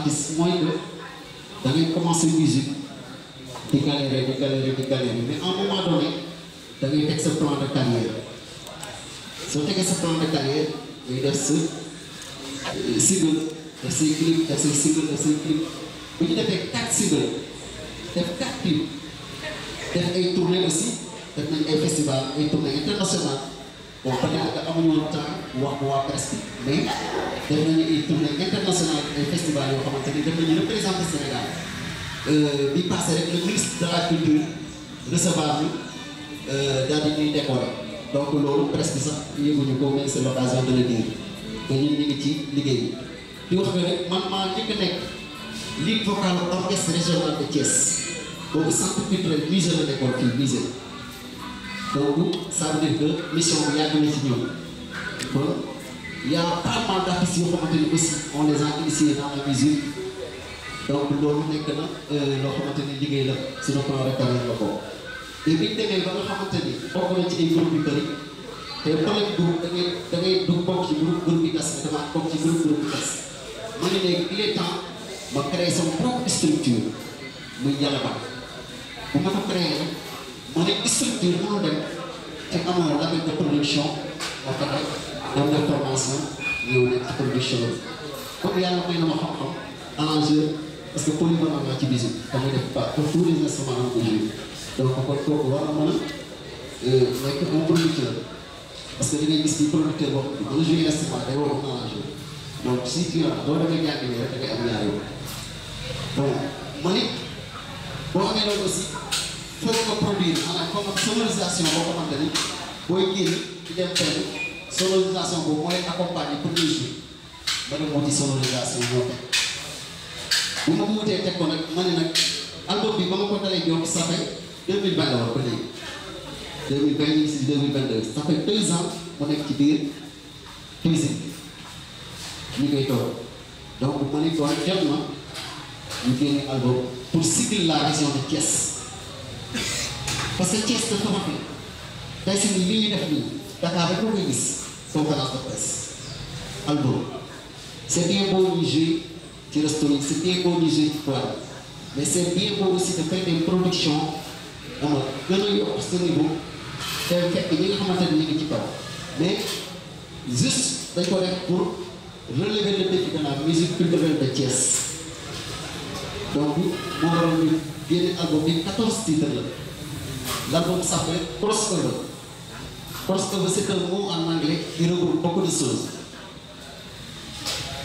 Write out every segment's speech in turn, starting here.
artiste mooy que da commencer musique di galérer di galérer di galérer mais à un moment donné da teg sa plan de soo tegee sa plan de carrière ngay def sa euh, single def say clip def say single def say clip bu ñu defee quatre single def quatre clip def ay tournées aussi def nañ ay festival ay tournées internationales. oo xam naa amuñu temps wax ko waa presse mais def nañu ay tournée internationale festival yoo xamante ni def nañu représenté Sénégal euh, bi passé rek le ministre de la culture recevoir ñu euh, ñuy décoré donc loolu presse sax yëguñu ko mais c'est l'occasion de le dire que ñu ngi ci liggéey bi di wax ne man maa njëkk nekk lead vocal orchestre régional de Thiès boobu centre culturel musée la nekkoon donc ça veut dire que mission bi yàgg na ci ñoom kon y' a pas mal d'artistes yoo xamante ni aussi on les a initiés dans la musique donc na ko. Euh, te biñ demee ba nga xamante ni bokk ci ay groupe yu bëri te problème groupe da ngay da ngay du bokk ci groupe groupe bi tas dama bokk ci groupe groupe bi tas ma ne léegi il est temps sama propre muy Ndialabar bu ma ko créer ma ne structure mënul dem te amoo label de production boo fexe dem de formation ñëw nekk ci production bi comme yàlla may na ma xam-xam arrangeur parce que polyvalent laa ci musique damay def pas pour tous les instruments am ko joué donc kon kooku war na mën a nekk un producteur parce que da ngay gis ni producteur boo xam ne mën a joué instrument day war a arrangeur donc si tu as doo demee ñàkk rek da ngay am ñaari yoon bon ma ne boo amee loolu aussi. foog nga produire maanaam foog nga sonorisation boo ko xamante ni booy génn di dem fenn sonorisation boobu moo leen accompagner pour ñuy moo ci sonorisation boobu. bu ma wutee teg ko nag ma nag album bi ba ma ko dalee ñoom ça fait deux mille vingt la ba mu nekk ci biir cuisine ñu koy toog donc ma ne ko jot na ñu génne pour cycle la région de Thiès. parce que Thiès dafa mag la tey si nii def nii Dakar rek moo koy gis conférence de presse album c'est bien beau ñu ci restaurant c'est bien beau ñu ci foire mais c'est bien beau aussi de faire des productions xam gën a yokk sa niveau te fekk ñi nga xamante ne ci kaw mais juste dañ ko pour relever le défi de musique culturelle de Thiès donc moo waral génne album bi 14 titres la. L'album s'appelle Crossover. Crossover, c'est un mot en anglais qui regroupe beaucoup de choses.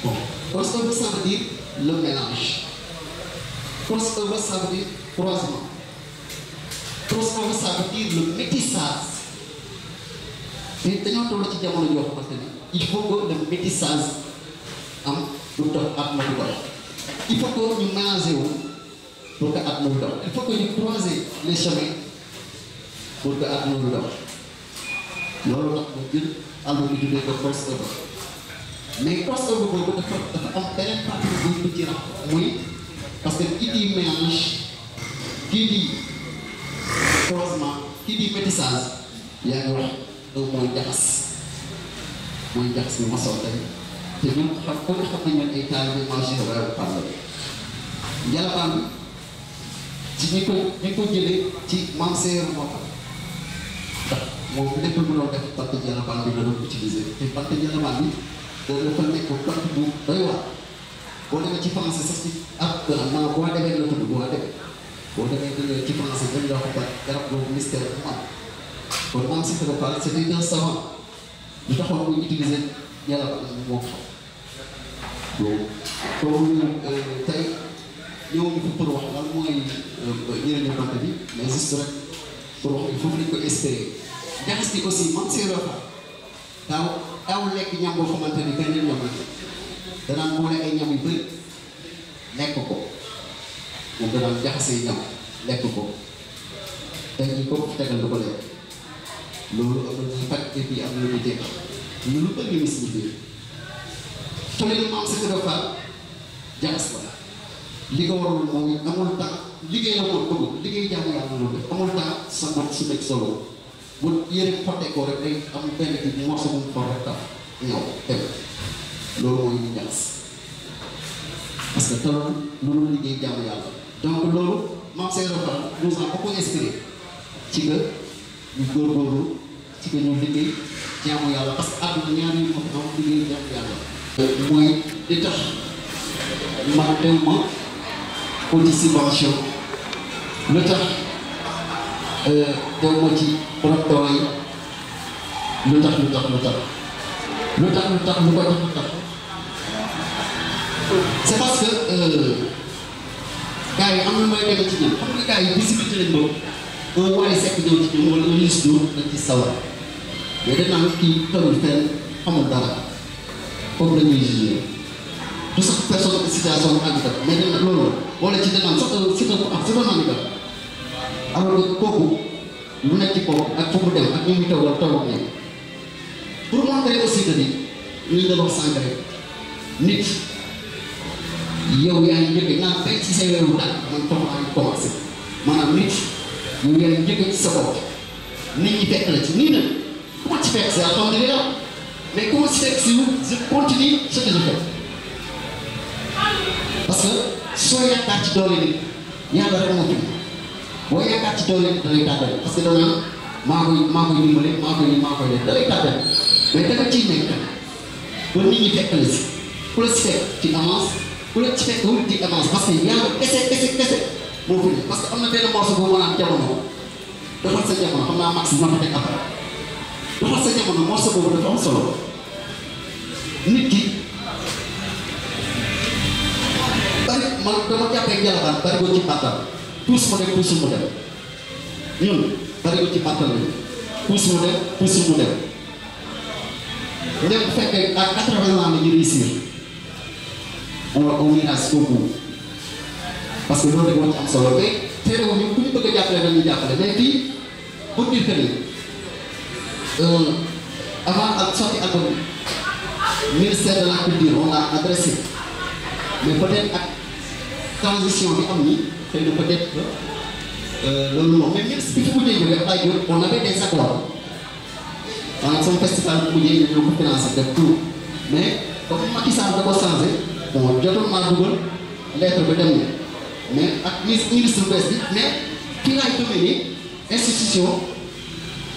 Bon. Crossover, ça veut dire le mélange. Crossover, ça veut dire croisement. Crossover, dañoo toll ci jamono joo xamante ne il faut que am lu dox at ma du dox il faut ñu mélanger pour que at ma du dox il ñu croiser pour que loolu daw loolu jël album bi tuddee ko first album mais first boobu dafa dafa am beneen partie bu ñu muy parce que kii di mélange kii di croisement kii di métissage yaa ngi wax loolu mooy jaxas mooy jaxas bi ma soog tey te ñun xam ko xam ne ay taal bi marché waaye parle jalabaan ci ñi ko ñi ko jëlee ci Mame Seer moo tax moom lépp lu doon def bant jarabaan bi la doon utiliser te bant jarabaan bi boobu dafa nekk bant bu doy waar boo demee ci français sax ci ab maanaam boo demee la tudd boo demee boo demee ci français dañ la wax garab boobu mystère bu am kon maam si dafa pare c'est un savant lu taxoon muy utiliser jarabaan bi moo xam loolu comme euh, tey ñëwuñu ko pour wax lan mooy njëriñu bant bi mais juste rek pour wax il faut que ñu ko espérer. jaxas gi aussi moom séeréer fa daaw daaw lekk ñam boo xamante ni benn ñam la danaan boole ay ñam yu bëri lekk ko moom danaan jaxasee ñam lekk ko tey jii ko tegal du ko lekk loolu am na ci pàcc bi am na lu dégg ñu lu bëgg mis ñu biir fële ni maam séeréer fa jaxas ko li ko waroon mooy amul temps liggéey la ko bëgg liggéey jaamu yàlla la ko amul temps sa bopp su nekk solo bu yére xotte ko rek day am benn kii ñu wax sa moom xool rek tax ñëw dem loolu mooy ñu ñaas parce que taloon mënul liggéey jaamu yàlla donc loolu maam Seydou Fall ba ko inspiré ci lu tax. te euh, moo ci tracteur yi lu tax lu tax lu tax lu tax ko tax lu tax c'est parce que euh, gars yi am na may nekk ci ñoom xam nga gars yi visibilité ci ñoom wala un lis ñëw dañ ci sawar mais dañ naan kii tawul fenn du sax personne situation bu handicap mais dañ loolu wala ci dañ naan sax si ko am si ko handicap alors que kooku lu nekk ci kaw ak fu mu dem ak ñu muy taw wala taw ak nekk pour montrer aussi que ni ñu ngi wax sànq rek nit yow yaa ngi njëkk naa fekk ci say weeru daal man taw a commencé maanaam nit yow yaa ngi njëkk ci sa bopp nit ñi fekk la ci nii nag ku ma ci fekk si alhamdulilah la mais ku ma ci si je continue ce que je fais parce que soo yaakaar ci doole nit yàlla rek boo yaakaar ci doole da lay tàggat parce que da naan maa koy maa koy dimbale maa koy maa koy def da lay tàggat mais danga ciy nekk ba nit ñi fekk la si ku la si fekk ci avance ku la ci fekk wul di avance parce que yàlla kese kese kese moo fi parce que am na benn morceau boo mën a am jamono defal sa jamono xam naa max ma ko teg après defal sa jamono morceau boobu dafa am solo nit ki bari man dama jàppee njëlaat bari ko ci bàttal. puus mu dem puusul mu dem ñun bariwul ci pàttal mu dem puusul mu bu fekkee ak quatre-vingts ans la ñu réussir on on ira jusqu'au bout parce que loolu rek moo ci solo te teewul ku ñu bëgg jàppale dañuy jàppale mais fii pour dire que ni euh, avant ak sorti album bi ministère de la culture on l'a adressé mais peut-être ak transition bi am ni xëy na peut-être euh, euh, loolu moom mais ñun si bu ñu jógee ay jóg on avait des accords maanaam sama festival bu ñu jógee ñoo ko financé def tout mais comme Macky Sall da ko changé bon jotoon maa dugal lettre bi dem na mais ak ministre ministre bu bees bi mais ki laay demee nii institution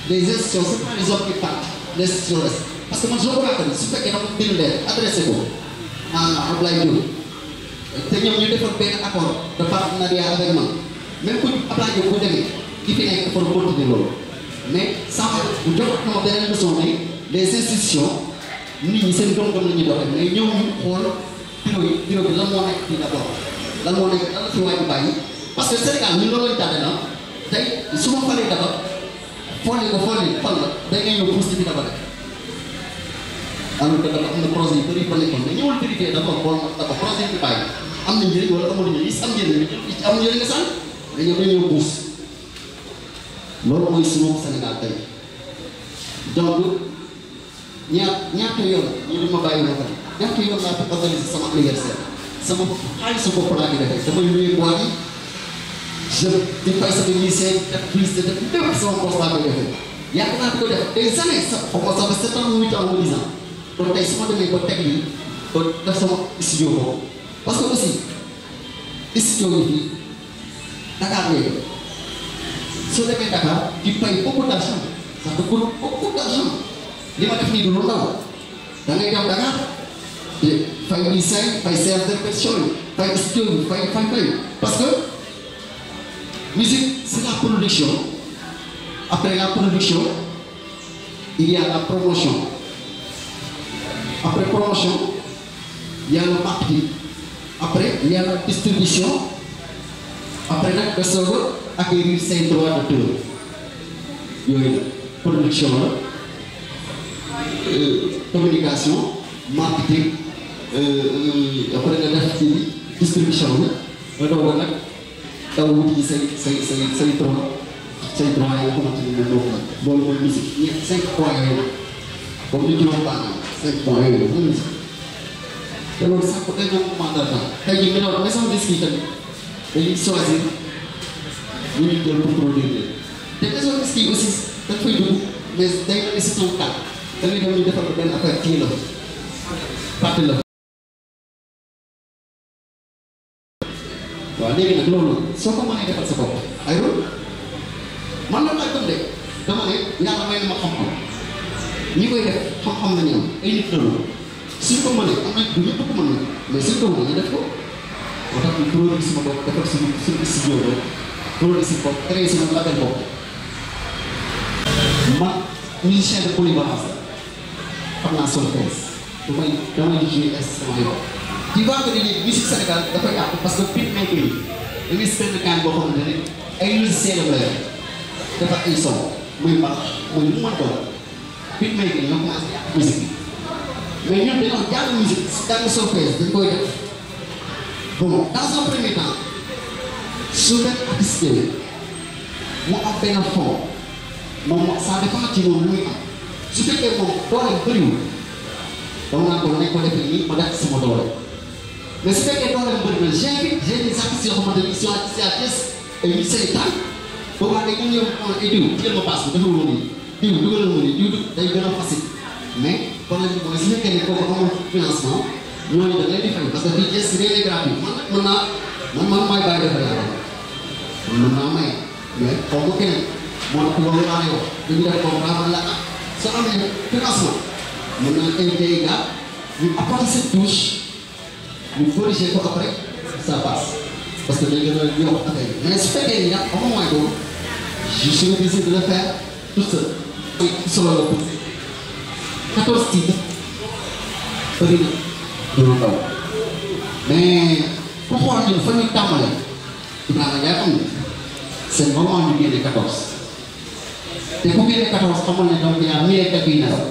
les institutions c'est pas les hommes qui partent les institutions restent parce que man je me rappelle su fekkee dama bind te ñoom ñu defoon benn accord de partenariat avec man même ku Ablaye Diop bu demee ki fi nekk pour continuer loolu mais sans bu joxoon na ma beneen leçon ne les institutions nit ñi seen doom-doom la ñuy doxee mais ñëw ñu xool bureau yi bureau bi lan moo nekk fii d'abord lan moo nekk lan la fi waay bàyyi parce que Sénégal ñun loolu lañ tànn na ah, tey su ma falee dafa folli ko folli fal la da ngay ñëw pousse ci dafa rek alors que dafa am na projet yu bëri yu fa nekkoon mais ñëwal vérifier d'abord xool dafa projet bi bàyyi am na njëriñ wala amul njëriñ am njëriñ li ci am njëriñ nga sànq dañoo dañoo buus loolu mooy sunu Sénégal tey donc ñaar ñaata yoon ñu di ma bàyyi loo xam ne ñaata yoon laa fi organisé sama anniversaire sama xaalisu bopp laa di defee damay nuyu bois yi je di fay sama lycée def publicité def lépp sama bopp laa koy defee yàgg naa ko def des années sa xaw ma sama sept ans huit ans ou dix ans kon tey su ma demee ba teg lii ba def sama studio boobu. parce que aussi décision bi fii soo demee Dakar di pay beaucoup d'argent ça te coûte beaucoup d'argent li ma def nii du lu ndaw da ngay dem Dakar te fay lycée fay service d'inspection fay studio fay fay fay parce que musique c'est la production après la production il y a la promotion après promotion il y a le marketing après il y a la distribution après nag nga soog a acquérir say droits yooyu la production la euh, marketing euh, après nga def ci distribution bi nga doog a nag say say say say droit say droit yi nga xamante ne moom la loolu mooy musique ñett te loolu sax ba gàncax gu mandat tey jii ñu ne woon maison disque yi tamit dañuy choisir ñu ñu jël pour produire leen te maison disque yi aussi da fay dugg mais day mel ni si taw tànk da la parti la. waaw léegi nag loolu soo ko mënee defal sa bopp aywa man loolu laa gëm de dama ne na ma xam-xam ñi koy def xam-xam la ñu am ay nit la suñ ko mënee am nañ du ñëpp ko mën mais suñ ko mënee ñu def ko moo tax ñu produit sama bopp defal suñu suñu studio rek produit sama bopp créé sama label bopp ma musicien de polyvalence la xam naa solo tees du may damay jouer instrument yo ci vente di ne musique Sénégal dafay yàqu parce que pit nekk yi da ngay benn kaan boo xam ne ne ay musicien la yor dafa ay son muy mbax muy lu mën doon pit nekk yi ñoo commencé yàq musique bi mais ñun dañoo jàng musique si jàng solfège dañ koy def bon dans un premier temps su dee artiste yooyu mu am moom ça dépend ci moom lu muy am su fekkee moom doole bëriwul dama naan ko nekk ko def nii ma def sama doole mais su fekkee doole bëri na j'ai j'ai des artistes yoo xamante ni sont artistes à Thiès et ñu seen temps boobaa dañ ñëw ñëw ay diw jël ni diw dugalal ma ni diw day a facile problème bi mooy su fekkee ne kooku amul financement ñooñu da ngay di fay parce que fii Thiès réew gratuit man nag naa man man maay bàyyi man naa may mais xaw ma kenn moo tax loolu laa lay wax dañu def contrat man la ah soo amee financement mën naa invité gars ñu apporter cette touche ñu corriger ko après ça passe parce que day gën a yokk affaire yi mais ni yàlla amul moyen boobu je suis obligé de le faire tout solo la 14 titres bëri na dina ndaw mais ku xool ñun fa ñu tàmbalee Ibrahima Ndiaye am na seen moment ñu génne te ku génne 14 xamal ne donc yaa meilleur teg yi nelaw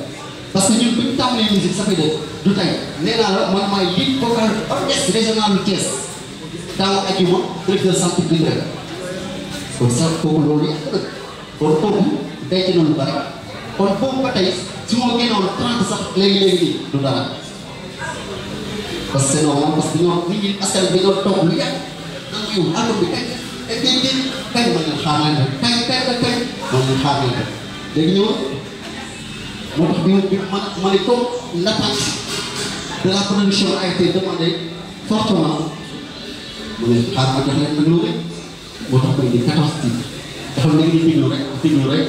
parce que ñun bu ñu tàmbalee musique ça fait de du tey nee naa la man maay lead vocal orchestre régional bu Thiès daaw ak yu ma directeur centre bi rek kon sax kooku loolu yàq na kon kooku denc na lu bari kon boobu ba tey. su ma génnoon trente sax léegi-léegi nii du dara parce que non moom parce que ñoom nit ñi askan bi dañoo toog lu yàgg naan yow àll bi kañ kañ kañ kañ kañ ma leen xaaral ma kañ kañ la kañ ma leen xaaral ma léegi ñëw moo tax bi bi ma ma ne toog l'attente de la production a été demandée fortement mu ne xaaral ma jox leen lu rek moo tax koy di quatorze titres dafa nekk di déglu rek déglu rek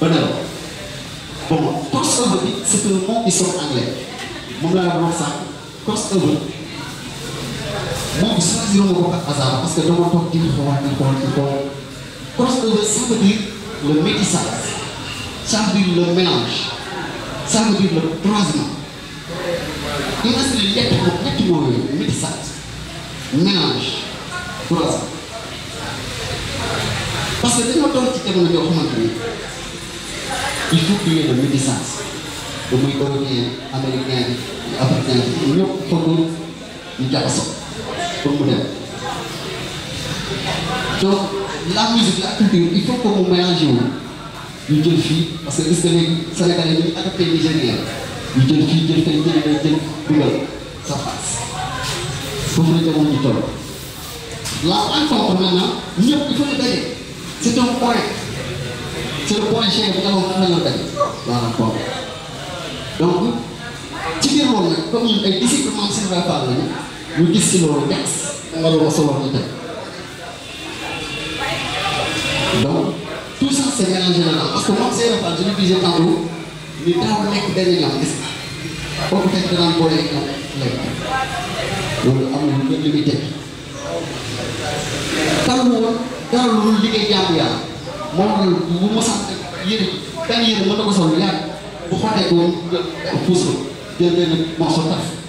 ba nelaw bon crossover bi c'est un mot islam anglais moom laa la wax sànq crossover moom choisir ma ko par hasard parce que dama toog di xool di xool di xool crossover ça veut dire le métissage ça veut dire le mélange ça veut dire le croisement il reste les lettres pour ñetti mots yooyu métissage mélange croisement ba muy européen américain bi africain bi ñëpp xamul ñu jaxasoo pour mu dem donc la musique la culture il faut que mu mélangé wu ñu jël fii parce que gis nga léegi sénégalais ñu adapté nigérien ñu jël fii jël fay jël fay jël dugal ça passe foofu la jamono ñu toll la encore maintenant ñëpp il faut ñu daje c'est un point c'est le point cher bu nga wax la daje waaw donc ci biir moom nag comme ñun ay disciple moom Cheikh Ibra Fall lañu ñu gis ci loolu jax da nga doon solo ñu teg donc tout ça c'est mélangé parce que moom Cheikh Ibra Fall je le disais ni daaw nekk benn lekk loolu am lu ngeen li muy teg taw woon lu liggéey jaamu yàlla moom la mu mos a yére benn yére mën na ko sol yàgg. bu xotee ko jël puus ko jël benn morceau taf